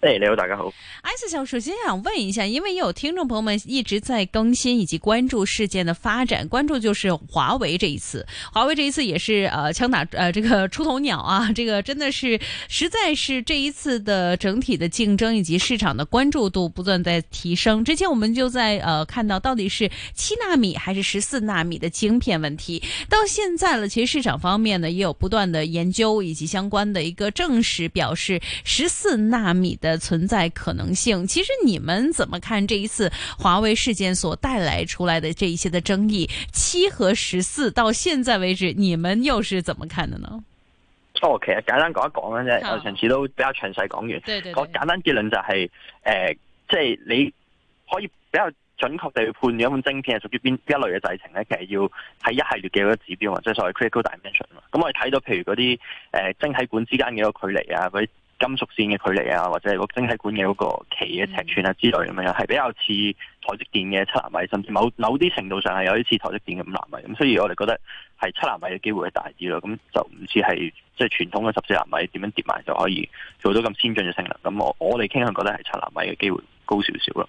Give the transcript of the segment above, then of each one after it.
哎，你好，大家好。艾斯小首先想問一下，因為也有聽眾朋友們一直在更新以及關注事件的發展，關注就是華為這一次，華為這一次也是呃槍打呃這個出頭鳥啊，這個真的是實在是這一次的整體的競爭以及市場的關注度不斷在提升。之前我們就在呃看到到底是七納米還是十四納米的晶片問題，到現在了，其實市場方面呢也有不斷的研究以及相關的一個證實，表示十四納米的。存在可能性，其實你們怎麼看這一次華為事件所帶來出來的這一些的爭議？七和十四到現在為止，你們又是怎麼看的呢？哦，其實簡單講一講啊，啫，我上次都比較詳細講完。哦、對，對對。個簡單結論就係、是，誒、呃，即係你可以比較準確地去判斷一本晶片係屬於邊一類嘅製程咧。其實要睇一系列嘅好多指標或者所謂 critical dimension 咁、嗯、我哋睇到譬如嗰啲誒晶體管之間嘅一個距離啊，金屬線嘅距離啊，或者係個晶體管嘅嗰個棋嘅尺寸啊之類咁樣，係比較似台積電嘅七納米，甚至某某啲程度上係有啲似台積電嘅五納米。咁所以我哋覺得係七納米嘅機會係大啲咯。咁就唔似係即係傳統嘅十四納米點樣跌埋就可以做到咁先進嘅性能。咁我我哋傾向覺得係七納米嘅機會高少少咯。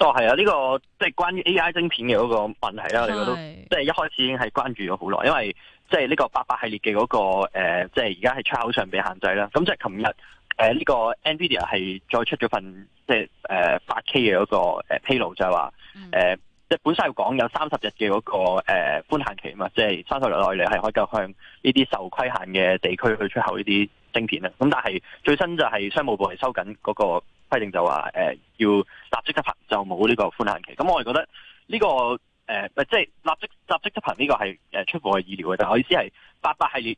都係啊！呢、這個即係關於 A.I. 晶片嘅嗰個問題啦，你覺得都即係一開始已經係關注咗好耐，因為即係呢個八八系列嘅嗰、那個、呃、即係而家係出口上被限制啦。咁、嗯、即係琴日呢個 Nvidia 係再出咗份即係誒 8K 嘅嗰個、呃、披露，就係話誒即係本身要講有三十日嘅嗰、那個誒寬、呃、限期啊嘛，即係三十日內嚟係可以夠向呢啲受規限嘅地區去出口呢啲晶片啊。咁、嗯、但係最新就係商務部係收緊嗰、那個。規定就話、呃、要立即執行就冇呢個寬限期，咁我哋覺得呢、這個誒、呃、即係立即立即執行呢個係出乎我意料嘅，但我意思係八八系列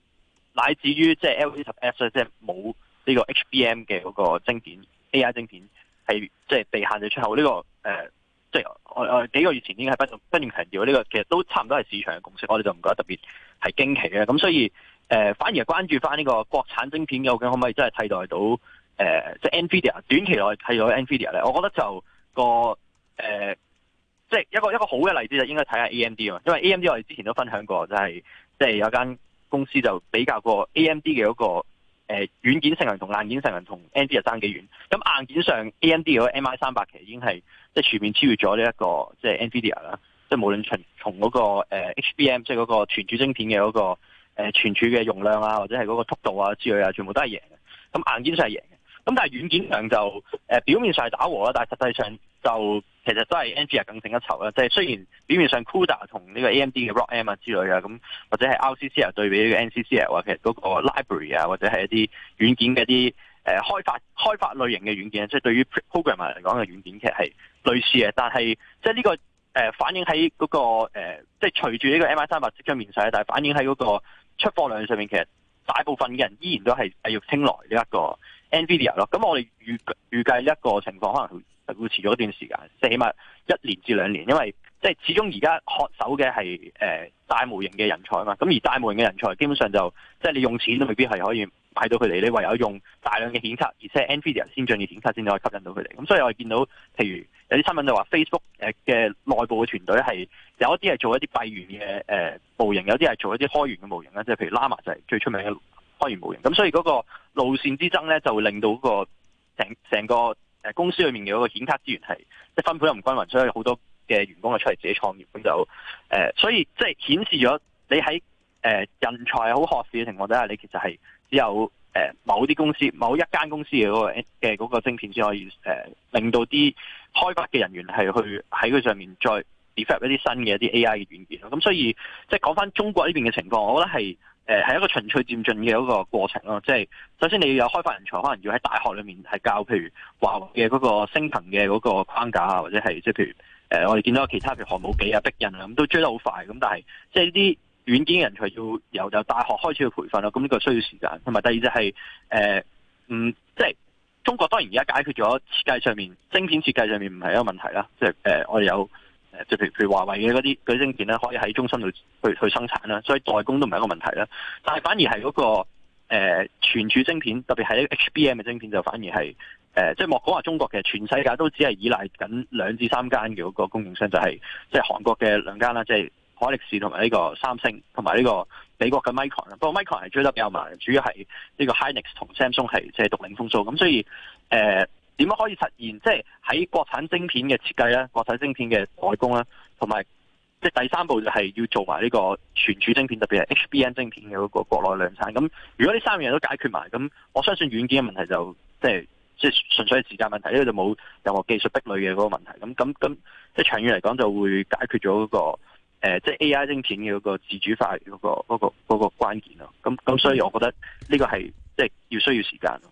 乃至於即係 L V 十 S 即係冇呢個 H B M 嘅嗰個晶片 A I 晶片係即係被限制出口呢、這個誒、呃，即係我幾個月前已經係不斷不斷強調呢個，其實都差唔多係市場嘅共識，我哋就唔覺得特別係驚奇嘅，咁所以誒、呃、反而係關注翻呢個國產晶片究竟可唔可以真係替代到？誒、呃，即、就、係、是、NVIDIA，短期內睇咗 NVIDIA 咧，我覺得就個誒，即、呃、係、就是、一個一個好嘅例子就應該睇下 AMD 啊，因為 AMD 我哋之前都分享過，就係即係有間公司就比較過 AMD 嘅嗰、那個誒軟件性能同硬件性能同 NVIDIA 爭幾遠。咁硬件上 AMD 嗰個 MI 300，其實已經係即係全面超越咗呢一個即係 NVIDIA 啦，即、就、係、是、無論從從嗰個誒、呃、HBM 即係嗰個存儲晶片嘅嗰、那個誒存儲嘅容量啊，或者係嗰個速度啊之類啊，全部都係贏嘅。咁硬件上係贏。咁、嗯、但係軟件上就、呃、表面上係打和啦，但係實際上就其實都係 n g 更勝一籌啦。即、就、係、是、雖然表面上 CUDA 同呢個 AMD 嘅 ROCm k 啊之類啊，咁或者係 l c c 啊對比呢個 n c c 啊，或其實嗰個 library 啊，或者係一啲軟件嘅一啲誒、呃、開發開發類型嘅軟件，即、就、係、是、對於 programmer 嚟講嘅軟件，其實係類似嘅。但係即係呢個、呃、反映喺嗰、那個即係、呃就是、隨住呢個 MI 三百即將面世，但係反映喺嗰個出貨量上面，其實大部分嘅人依然都係欲青睞呢一個。Nvidia 咯，咁我哋預預計一個情況，可能會遲咗一段時間，即係起碼一年至兩年，因為即係始終而家渴手嘅係誒大模型嘅人才啊嘛，咁而大模型嘅人才基本上就即係、就是、你用錢都未必係可以買到佢哋，你唯有用大量嘅顯卡，而且 Nvidia 先進嘅顯卡先至可以吸引到佢哋。咁所以我哋見到譬如有啲新聞就話 Facebook 嘅內部嘅團隊係有一啲係做一啲閉源嘅誒模型，有啲係做一啲開源嘅模型啦，即係譬如 Llama 就係最出名嘅。開完冇人，咁所以嗰個路線之爭咧，就會令到、那個成成個誒公司裏面嘅嗰個顯卡資源係即係分配得唔均勻，所以好多嘅員工啊出嚟自己創業咁就誒、呃，所以即係顯示咗你喺誒、呃、人才好渴市嘅情況底下，你其實係只有誒、呃、某啲公司某一間公司嘅嗰、那個嘅、那個晶片先可以誒、呃、令到啲開發嘅人員係去喺佢上面再。d e v e l 一啲新嘅一啲 AI 嘅軟件咯，咁所以即係講翻中國呢邊嘅情況，我覺得係誒係一個循序漸進嘅一個過程咯。即係首先你要有開發人才，可能要喺大學裡面係教，譬如華為嘅嗰個昇騰嘅嗰個框架啊，或者係即係譬如誒、呃、我哋見到其他譬如寒武紀啊、逼人啊咁都追得好快，咁但係即係呢啲軟件人才要由就大學開始去培訓咯，咁呢個需要時間。同埋第二就係、是、誒、呃、嗯，即係中國當然而家解決咗設計上面芯片設計上面唔係一個問題啦，即係誒、呃、我哋有。誒，即譬如譬如華為嘅嗰啲啲晶片咧，可以喺中芯度去去生產啦，所以代工都唔係一個問題啦。但係反而係嗰、那個誒存儲晶片，特別係 HBM 嘅晶片，就反而係誒，即、呃、係、就是、莫講話中國嘅，全世界都只係依賴緊兩至三間嘅嗰個供應商，就係即係韓國嘅兩間啦，即係海力士同埋呢個三星，同埋呢個美國嘅 Micron。不過 Micron 係追得比較慢，主要係呢個 Hynix 同 Samsung 係即係獨領風騷。咁所以誒。呃點樣可以實現？即係喺國產晶片嘅設計啦，國產晶片嘅代工啦，同埋即係第三步就係要做埋呢個存儲晶片，特別係 HBM 晶片嘅嗰個國內量產。咁如果呢三樣都解決埋，咁我相信軟件嘅問題就即係即係純粹係時間問題，呢個就冇任何技術壁壘嘅嗰個問題。咁咁咁即係長遠嚟講，就會解決咗嗰個誒，即係 AI 晶片嘅嗰個自主化嗰個嗰個嗰個關鍵咯。咁咁所以我覺得呢個係即係要需要時間。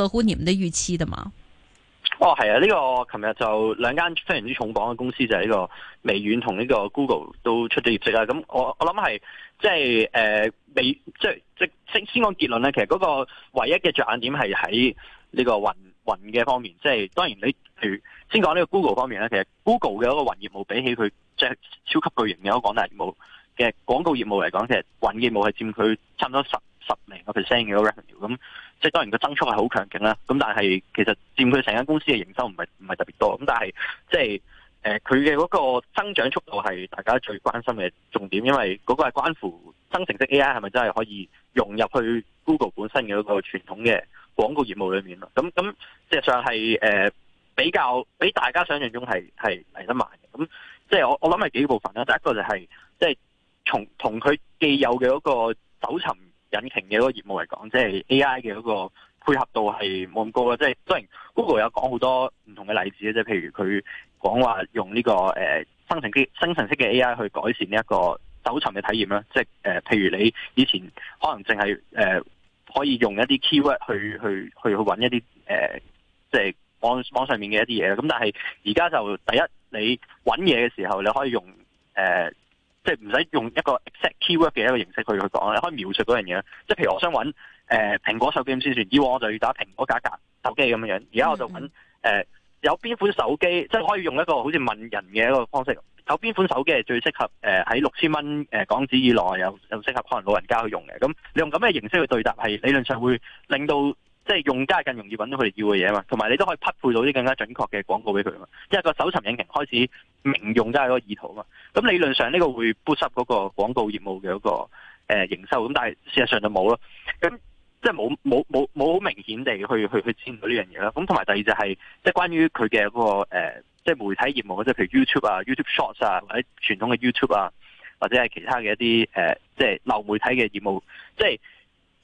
合乎你們的預期的嗎？哦，係啊，呢、這個琴日就兩間非常之重磅嘅公司就係、是、呢個微軟同呢個 Google 都出咗業績啊。咁、嗯、我我諗係即係誒未即係即先講結論咧。其實嗰個唯一嘅着眼點係喺呢個雲雲嘅方面。即係當然你譬如先講呢個 Google 方面咧，其實 Google 嘅一個雲業務比起佢即係超級巨型嘅一個廣大業務嘅廣告業務嚟講，其實雲業務係佔佢差唔多十。十零個 percent 嘅嗰 revenue，咁即係當然個增速係好強勁啦。咁但係其實佔佢成間公司嘅營收唔係唔係特別多。咁但係即係誒佢嘅嗰個增長速度係大家最關心嘅重點，因為嗰個係關乎生成式 AI 係咪真係可以融入去 Google 本身嘅嗰個傳統嘅廣告業務裡面咯。咁咁事實上係誒、呃、比較比大家想象中係係嚟得慢嘅。咁即係我我諗係幾個部分啦。第一個就係、是、即係從同佢既有嘅嗰個搜尋引擎嘅嗰個業務嚟講，即係 AI 嘅嗰個配合度係冇咁高啊！即係雖然 Google 有講好多唔同嘅例子，即係譬如佢講話用呢個誒生成生成式嘅 AI 去改善呢一個搜尋嘅體驗啦。即係誒，譬如你以前可能淨係誒可以用一啲 keyword 去去去去揾一啲誒，即係網網上面嘅一啲嘢，咁但係而家就第一，你揾嘢嘅時候你可以用誒。呃即係唔使用，用一個 exact keyword 嘅一個形式去去講，你可以描述嗰樣嘢咧。即係譬如我想揾誒、呃、蘋果手機咁先算，以往我就要打蘋果價格手機咁樣，而家我就揾、呃、有邊款手機，即係可以用一個好似問人嘅一個方式，有邊款手機係最適合誒喺六千蚊港紙以內又又適合可能老人家去用嘅。咁、嗯、你用咁嘅形式去對答，係理論上會令到。即係用家更容易揾到佢哋要嘅嘢嘛，同埋你都可以匹配到啲更加準確嘅廣告俾佢嘛。因為個搜尋引擎開始明用家嗰個意圖嘛，咁理論上呢個會 push 嗰個廣告業務嘅嗰、那個誒、呃、營收，咁但係事實上就冇咯。咁即係冇冇冇好明顯地去去去見到呢樣嘢啦。咁同埋第二就係、是、即係關於佢嘅嗰個、呃、即係媒體業務，即係譬如 YouTube 啊、YouTube Shorts 啊，或者傳統嘅 YouTube 啊，或者係其他嘅一啲誒、呃，即係流媒體嘅業務，即係。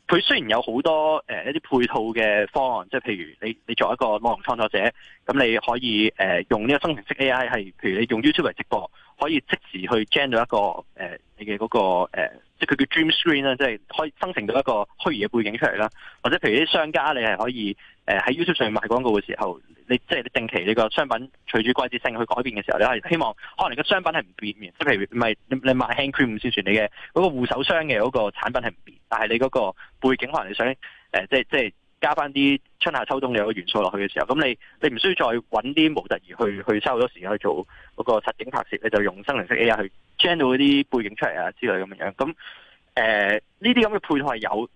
佢雖然有好多誒、呃、一啲配套嘅方案，即係譬如你你作為一個內容創作者，咁你可以誒、呃、用呢個生成式 AI 係，譬如你用 YouTube 嚟直播，可以即時去 gen 到一個誒、呃、你嘅嗰、嗰個、呃、即係佢叫 Dream Screen 啦，即係可以生成到一個虛擬嘅背景出嚟啦，或者譬如啲商家你係可以誒喺、呃、YouTube 上賣廣告嘅時候。你即係你定期呢個商品隨住季節性去改變嘅時候，你係希望可能你個商品係唔變嘅，即係譬如唔係你買 hand cream，先算你嘅嗰、嗰個護手霜嘅嗰個產品係唔變，但係你嗰個背景可能你想誒、呃，即係即係加翻啲春夏秋冬嘅元素落去嘅時候，咁你你唔需要再揾啲模特兒去去，去嘥好多時間去做嗰個實景拍攝，你就用生成式 AI 去 generate 啲背景出嚟啊之類咁、呃、樣。咁呢啲咁嘅配套係有、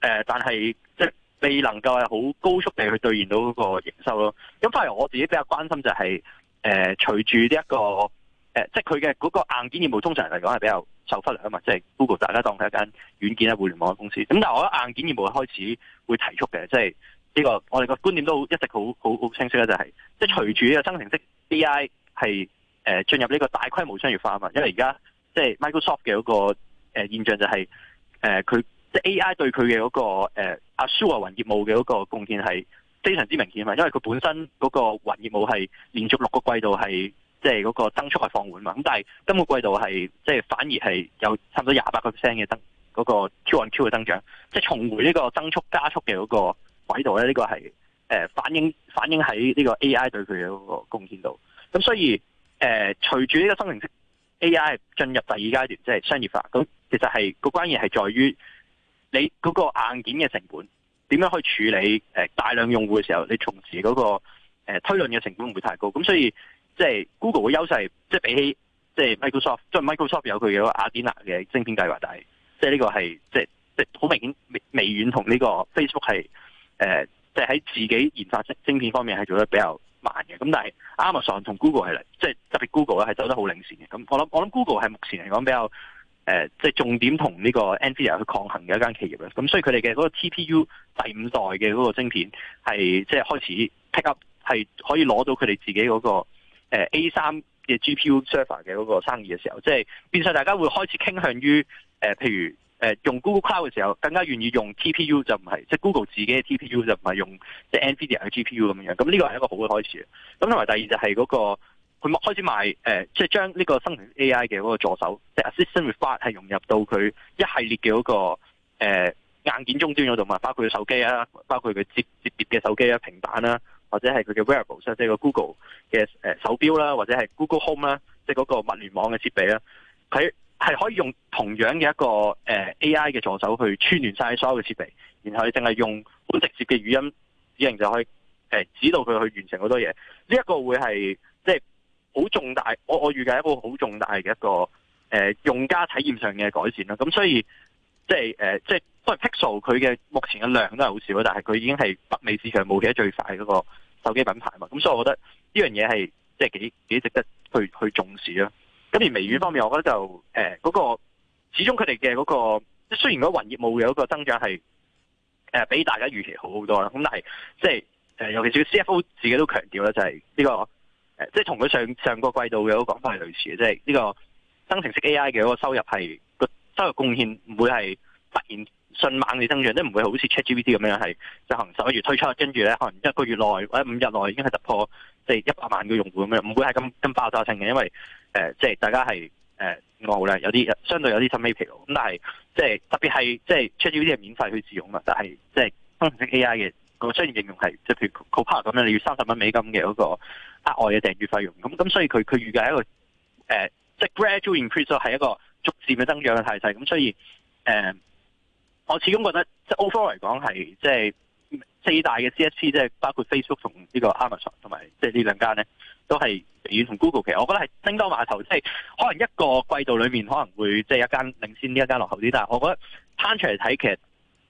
呃、但係即係。未能夠係好高速地去兌現到嗰個營收咯。咁反而我自己比較關心就係、是，誒、呃、隨住呢一個誒、呃，即係佢嘅嗰個硬件業務通常嚟講係比較受忽略啊嘛。即係 Google 大家當係一間軟件啊互聯網嘅公司。咁但係我覺得硬件業務開始會提速嘅，即係呢個我哋個觀點都一直好好好清晰啦、就是，就係即係隨住呢個生成式 AI 係誒進入呢個大規模商業化啊嘛。因為而家即係 Microsoft 嘅嗰、那個誒、呃、現象就係誒佢。呃就是、A.I. 對佢嘅嗰個誒阿 Azure 雲業務嘅嗰個貢獻係非常之明顯啊，因為佢本身嗰個雲業務係連續六個季度係即係嗰個增速係放緩嘛，咁但係今個季度係即係反而係有差唔多廿八個 percent 嘅增嗰個 Q-on-Q 嘅增長，即、就、係、是、重回呢個增速加速嘅嗰個軌道咧，呢、這個係誒、呃、反映反映喺呢個 A.I. 對佢嘅嗰個貢獻度。咁所以誒、呃、隨住呢個生成式 A.I. 進入第二階段，即係商業化，咁其實是、嗯、係個關鍵係在於。你嗰個硬件嘅成本點樣去處理、呃、大量用戶嘅時候，你從事嗰、嗰個、呃、推論嘅成本唔會太高。咁所以即係、就是、Google 嘅優勢，即係比起即 Microsoft，即係 Microsoft 有佢嘅雅典娜嘅晶片計劃，但係即係呢個係即係即係好明顯微軟同呢個 Facebook 係即係喺自己研發晶片方面係做得比較慢嘅。咁但係 Amazon 同 Google 係嚟，即係特別 Google 咧係走得好領先嘅。咁我諗我諗 Google 係目前嚟講比較。誒、呃，即、就、係、是、重點同呢個 Nvidia 去抗衡嘅一間企業咧，咁所以佢哋嘅嗰個 TPU 第五代嘅嗰個晶片係即係開始 pick up，係可以攞到佢哋自己嗰、那個 A3 嘅 GPU server 嘅嗰個生意嘅時候，即、就、係、是、變相大家會開始傾向於誒、呃，譬如誒、呃、用 Google Cloud 嘅時候，更加願意用 TPU 就唔係，即、就、係、是、Google 自己嘅 TPU 就唔係用即係 Nvidia 嘅 GPU 咁樣，咁呢個係一個好嘅開始。咁同埋第二就係嗰、那個。佢開始賣即係、呃就是、將呢個生成 AI 嘅嗰個助手，即、就、係、是、Assistant with Bard 係融入到佢一系列嘅嗰、那個、呃、硬件中端嗰度嘛，包括佢手機啊，包括佢接接疊嘅手機啦、平板啦，或者係佢嘅 wearables，即係個 Google 嘅手錶啦，或者係 Google Home 啦，即係嗰個物聯網嘅設備啦，佢係可以用同樣嘅一個、呃、AI 嘅助手去串聯晒所有嘅設備，然後佢淨係用好直接嘅語音指令就可以、呃、指導佢去完成好多嘢。呢、這、一個會即係。好重大，我我預計一個好重大嘅一個誒、呃、用家體驗上嘅改善啦。咁所以即係誒，即係雖然 Pixel 佢嘅目前嘅量都係好少啦，但係佢已經係北美市場冒起得最快嗰個手機品牌嘛。咁所以我覺得呢樣嘢係即係幾幾值得去去重視啦。咁而微軟方面，我覺得就誒嗰、呃、那個始終佢哋嘅嗰個，雖然嗰雲業務有個增長係誒、呃、比大家預期好好多啦。咁但係即係誒、呃，尤其是 CFO 自己都強調咧，就係呢、這個。誒，即係同佢上上個季度嘅嗰個講法係類似嘅，即係呢個生成式 AI 嘅嗰個收入係、嗰個收入貢獻唔會係突然迅猛地增長，都唔會好似 ChatGPT 咁樣係，就可能十一月推出，跟住咧可能一個月內或者五日內已經係突破即係一百萬個用戶咁樣，唔會係咁咁爆炸性嘅，因為誒、呃、即係大家係誒點講好咧，有啲相對有啲心裏疲勞，咁但係即係特別係即係 ChatGPT 係免費去使用，但係即係生成式 AI 嘅，個商業應用係即係譬如 Copilot 咁樣，你要三十蚊美金嘅嗰個額外嘅訂閱費用。咁咁所以佢佢預計係一個誒，即、呃、係、就是、gradual increase 係一個逐漸嘅增長嘅態勢。咁所以誒、呃，我始終覺得即係 overall 嚟講係即係四大嘅 CSP，即係包括 Facebook 同呢個 Amazon 同埋即係呢兩間咧，都係微軟同 Google。其實我覺得係叮噹馬頭，即、就、係、是、可能一個季度裏面可能會即係、就是、一間領先，呢一間落後啲。但係我覺得攤出嚟睇，其實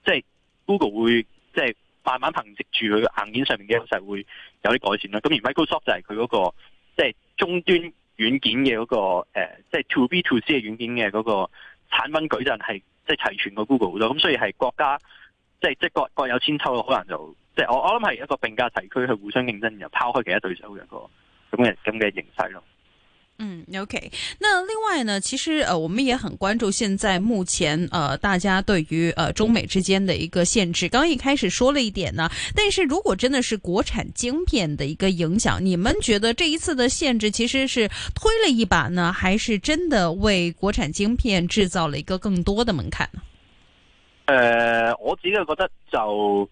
即係 Google 會即係。就是慢慢憑藉住佢硬件上面嘅優勢會有啲改善啦。咁而 Microsoft 就係佢嗰個即係終端軟件嘅嗰、誒即係 To B To C 嘅軟件嘅嗰個產品舉陣係即係齊全過 Google 好多。咁所以係國家即係即係國各有千秋咯，可能就，就即、是、係我我諗係一個並駕齊驅去互相競爭，然後拋開其他對手嘅、那個咁嘅咁嘅形勢咯。嗯，OK。那另外呢，其實呃，我們也很關注現在目前呃，大家對於呃中美之間的一個限制。剛一開始說了一點呢，但是如果真的是國產晶片的一個影響，你們覺得這一次的限制其實是推了一把呢，還是真的為國產晶片製造了一個更多的門檻呢？呃，我自己覺得就，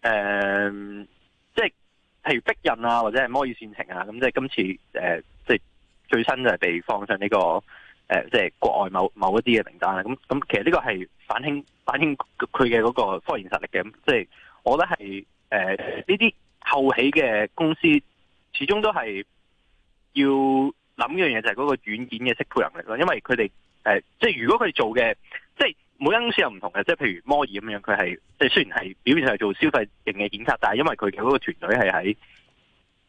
呃，即係譬如逼人啊，或者係摩爾線程啊，咁即係今次誒。呃最新就係被放上呢、這個誒，即、呃、係、就是、國外某某一啲嘅名單啦。咁咁，其實呢個係反映反映佢嘅嗰個科研實力嘅。咁即係，我覺得係誒呢啲後起嘅公司，始終都係要諗一樣嘢就係嗰個軟件嘅適配能力咯。因為佢哋誒，即係如果佢哋做嘅，即係每間公司又唔同嘅。即係譬如摩爾咁樣，佢係即係雖然係表面上係做消費型嘅檢測，但係因為佢嘅嗰個團隊係喺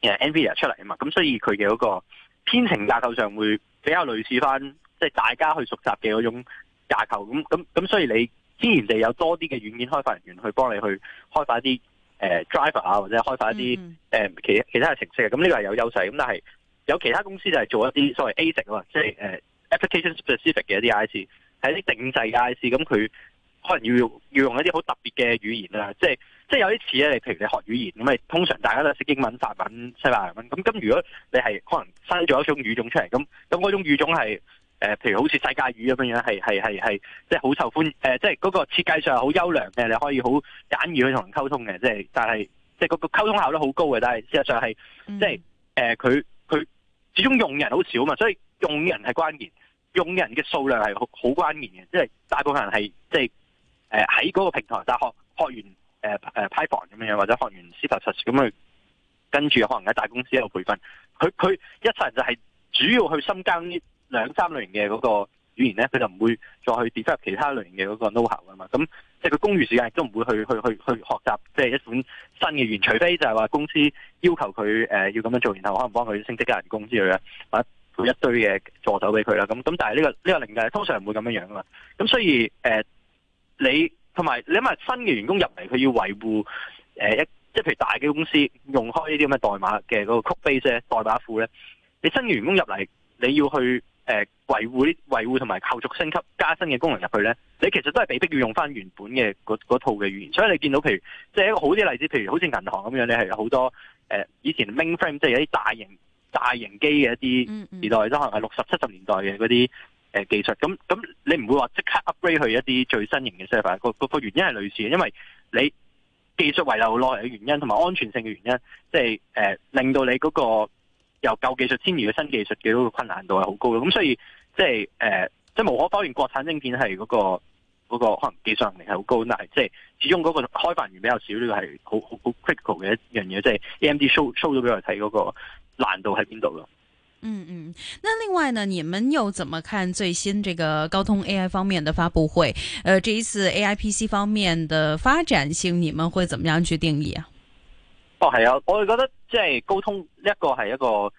誒 Nvidia 出嚟啊嘛，咁所以佢嘅嗰個。編程架構上會比較類似翻，即係大家去熟習嘅嗰種架構咁咁咁，所以你自然地有多啲嘅軟件開發人員去幫你去開發一啲誒、呃、driver 啊，或者開發一啲誒、呃、其其他嘅程式嘅，咁呢個係有優勢。咁但係有其他公司就係做一啲所謂 ASIC 即係 application specific 嘅一啲 IC，係一啲定制嘅 IC，咁佢。可能要要用一啲好特別嘅語言啦，即係即係有啲似咧，你譬如你學語言咁，咪通常大家都識英文、法文、西班牙文咁。咁如果你係可能生咗一種語種出嚟，咁咁嗰種語種係、呃、譬如好似世界語咁樣係係係係即係好受歡、呃、即係嗰個設計上係好優良嘅，你可以好簡易去同人溝通嘅，即係但係即係個溝通效率好高嘅，但係事實上係、嗯、即係誒，佢、呃、佢始終用人好少嘛，所以用人係關鍵，用人嘅數量係好好關鍵嘅，即係大部分人係即係。誒，喺嗰個平台大學學完誒誒，o 房咁樣樣，或者學完 C++ 咁去跟住可能喺大公司度培訓。佢佢一世就係主要去深耕兩三類型嘅嗰個語言咧，佢就唔會再去跌翻入其他類型嘅嗰個 know how 嘛。咁即係佢公餘時間都唔會去去去去學習，即、就、係、是、一款新嘅語言，除非就係話公司要求佢誒、呃、要咁樣做，然後可能幫佢升職加人工之類嘅，或者一堆嘅助手俾佢啦。咁咁，但係呢、這個呢、這個令界通常會咁樣樣噶嘛。咁所以誒。呃你同埋你因為新嘅員工入嚟，佢要維護誒一，呃、即係譬如大嘅公司用開呢啲咁嘅代碼嘅嗰，那個 code base 代碼庫咧，你新嘅員工入嚟，你要去誒，呃、維護維護同埋後續升級加新嘅功能入去咧，你其實都係被逼要用翻原本嘅嗰套嘅語言。所以你見到譬如即係一個好啲例子，譬如好似銀行咁樣，你係好多誒，呃、以前 mainframe 即係一啲大型大型機嘅一啲時代，都可能係六十七十年代嘅嗰啲。誒、呃，技術咁咁，你唔會話即刻 upgrade 去一啲最新型嘅 server。那個原因係類似嘅，因為你技術遺留落嚟嘅原因同埋安全性嘅原因，即係誒令到你嗰個由舊技術遷移嘅新技術嘅嗰個困難度係好高嘅。咁所以即係誒，即、呃、係、就是呃就是、無可否認，國產晶片係嗰、那個嗰、那個、可能技術能力係好高，但係即係始終嗰個開發員比較少，呢、這個係好好 critical 嘅一樣嘢。即、就、係、是、AMD show show 咗俾我睇嗰個難度喺邊度咯。嗯嗯，那另外呢，你們又怎麼看最新這個高通 AI 方面的發佈會？呃，這一次 AIPC 方面的發展性，你們會怎麼樣去定義啊？哦係啊，我會覺得即係高通一個係一個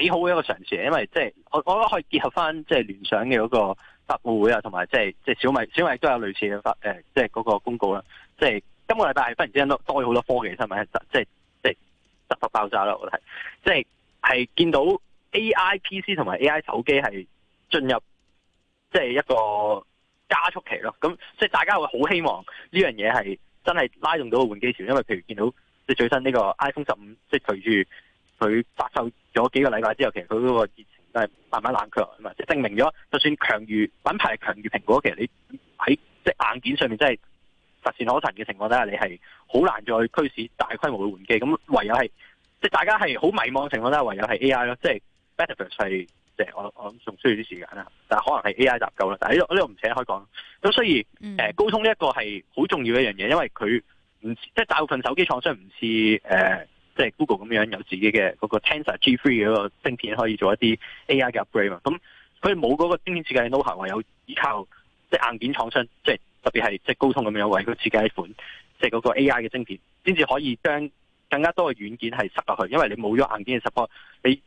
幾好嘅一個嘗試，因為即係我我都可以結合翻即係聯想嘅嗰個發佈會啊，同埋即係即係小米小米都有類似嘅發誒、呃、即係嗰個公告啦。即係今個禮拜忽然之間多咗好多科技新聞，即係即係突發爆炸啦，我係即係係見到。A.I.P.C. 同埋 A.I. 手機係進入即係、就是、一個加速期咯。咁即係大家會好希望呢樣嘢係真係拉動到個換機潮，因為譬如見到即係最新呢個 iPhone 十五，即係隨住佢發售咗幾個禮拜之後，其實佢嗰個熱情都係慢慢冷卻，唔即係證明咗，就算強如品牌強如蘋果，其實你喺即係硬件上面真係乏善可陳嘅情況底下，你係好難再驅使大規模嘅換機。咁唯有係即係大家係好迷茫嘅情況底下，唯有係 A.I. 咯，即係 Betterverse 即係、就是、我我諗仲需要啲時間啦，但係可能係 AI 搭救啦。但係呢度呢度唔扯開講。咁所以誒、嗯，高通呢一個係好重要一樣嘢，因為佢唔即係大部分手機廠商唔似誒即係 Google 咁樣有自己嘅嗰個 Tensor G3 嗰個晶片可以做一啲 AI 嘅 upgrade。咁佢冇嗰個晶片設計 know-how 唯有依靠即係、就是、硬件廠商，即係特別係即係高通咁樣有為佢設計一款即係嗰個 AI 嘅晶片，先至可以將更加多嘅軟件係塞落去。因為你冇咗硬件嘅 support，你，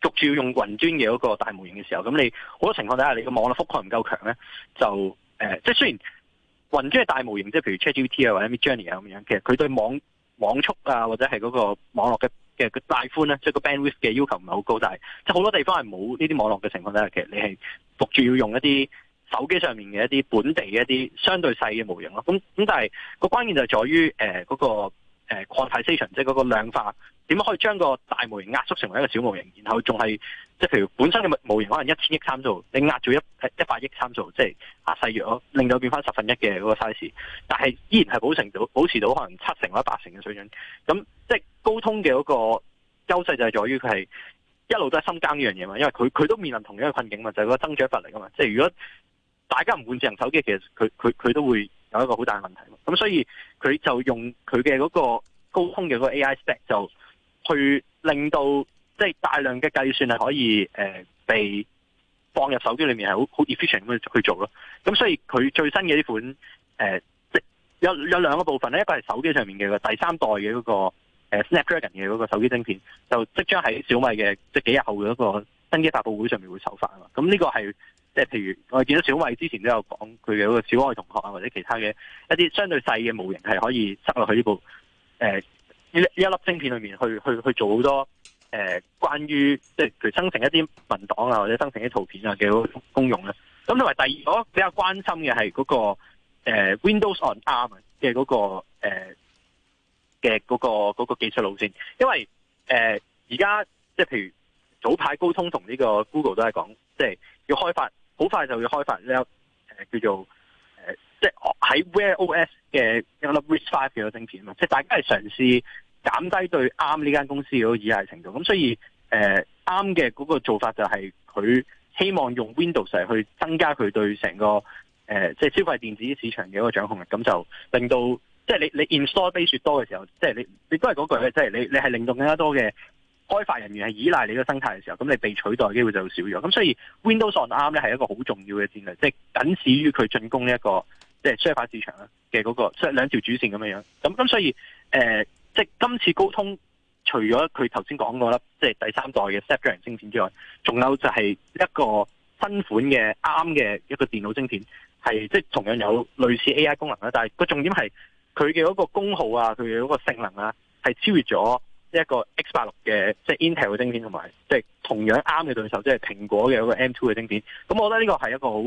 逐住要用雲端嘅嗰個大模型嘅時候，咁你好多情況底下，你個網絡覆蓋唔夠強咧，就誒、呃，即係雖然雲端係大模型，即係譬如 ChatGPT 啊或者 Midjourney 啊咁樣，其實佢對網網速啊或者係嗰個網絡嘅嘅帶寬咧，即係個 bandwidth 嘅要求唔係好高，但係即係好多地方係冇呢啲網絡嘅情況底下，其實你係逐住要用一啲手機上面嘅一啲本地嘅一啲相對細嘅模型咯。咁咁，但係個關鍵就係在於誒嗰個。誒擴大 quantization 即係嗰個量化點樣可以將個大模型壓縮成為一個小模型，然後仲係即係譬如本身嘅模型可能一千億參數，你壓住一一百億參數，即係壓細咗，令到變翻十分一嘅嗰個 size，但係依然係保成到保持到可能七成或者八成嘅水準。咁即係高通嘅嗰個優勢就係在於佢係一路都係深耕呢樣嘢嘛，因為佢佢都面臨同樣嘅困境嘛，就係個增長乏力嚟噶嘛。即係如果大家唔換智能手機，其實佢佢佢都會。有一個好大嘅問題，咁所以佢就用佢嘅嗰個高通嘅個 AI stack 就去令到即係大量嘅計算係可以誒、呃、被放入手機裏面係好好 efficient 咁去做咯。咁所以佢最新嘅呢款即、呃、有有兩個部分咧，一個係手機上面嘅第三代嘅嗰個 Snapdragon 嘅嗰個手機晶片，就即將喺小米嘅即係幾日後嘅一個新機發布會上面會首發啊。咁呢個係。即、就、係、是、譬如我見到小愛之前都有講佢嘅個小愛同學啊，或者其他嘅一啲相對細嘅模型係可以塞落去呢部誒呢呢一粒晶片裏面去去去做好多誒、呃、關於即係佢生成一啲文檔啊，或者生成一啲圖片啊嘅功用咧。咁同埋第二，我比較關心嘅係嗰個誒、呃、Windows on ARM 嘅嗰、那個誒嘅嗰個嗰、那個那個技術路線，因為誒而家即係譬如早排高通同呢個 Google 都係講即係要開發。好快就會開發一誒、呃、叫做誒、呃，即係喺 Wear OS 嘅一粒 RISC-V 嘅晶片啊！即係大家係嘗試減低對 ARM 呢間公司嘅依賴程度，咁所以誒 ARM 嘅嗰個做法就係佢希望用 Windows 嚟去增加佢對成個誒、呃、即係消費電子市場嘅一個掌控力，咁就令到即係你你 install base 越多嘅時候，即係你你都係嗰句咧，即係你你係令到更加多嘅。開發人員係依賴你個生態嘅時候，咁你被取代的機會就少咗。咁所以 Windows On 啱咧係一個好重要嘅戰略，即係僅止於佢進攻呢一個即係超級市場啊嘅嗰個，即係、那個、兩條主線咁樣樣。咁咁所以誒、呃，即係今次高通除咗佢頭先講嗰粒即係第三代嘅 s n a p d r o 晶片之外，仲有就係一個新款嘅啱嘅一個電腦晶片，係即係同樣有類似 AI 功能啦，但係個重點係佢嘅嗰個功耗啊，佢嘅嗰個性能啊，係超越咗。一個 X 八六嘅即係 Intel 嘅晶片，同埋即係同樣啱嘅對手，即係蘋果嘅一個 M two 嘅晶片。咁我覺得呢個係一個好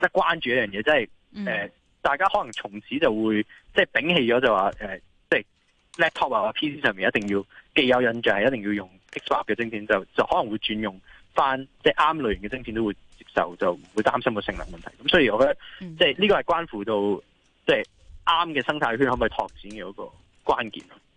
即係關注一樣嘢，即係誒，大家可能從此就會即係、就是、摒棄咗就話誒，即、呃、係、就是、laptop 或者 PC 上面一定要既有印象係一定要用 X 八嘅晶片，就就可能會轉用翻即係啱類型嘅晶片都會接受，就唔會擔心個性能問題。咁所以我覺得即係呢個係關乎到即係啱嘅生態圈可唔可以拓展嘅一個關鍵。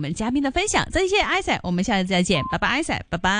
我們嘉賓的分享，再見，艾賽，我們下次再見，拜拜，艾賽，拜拜。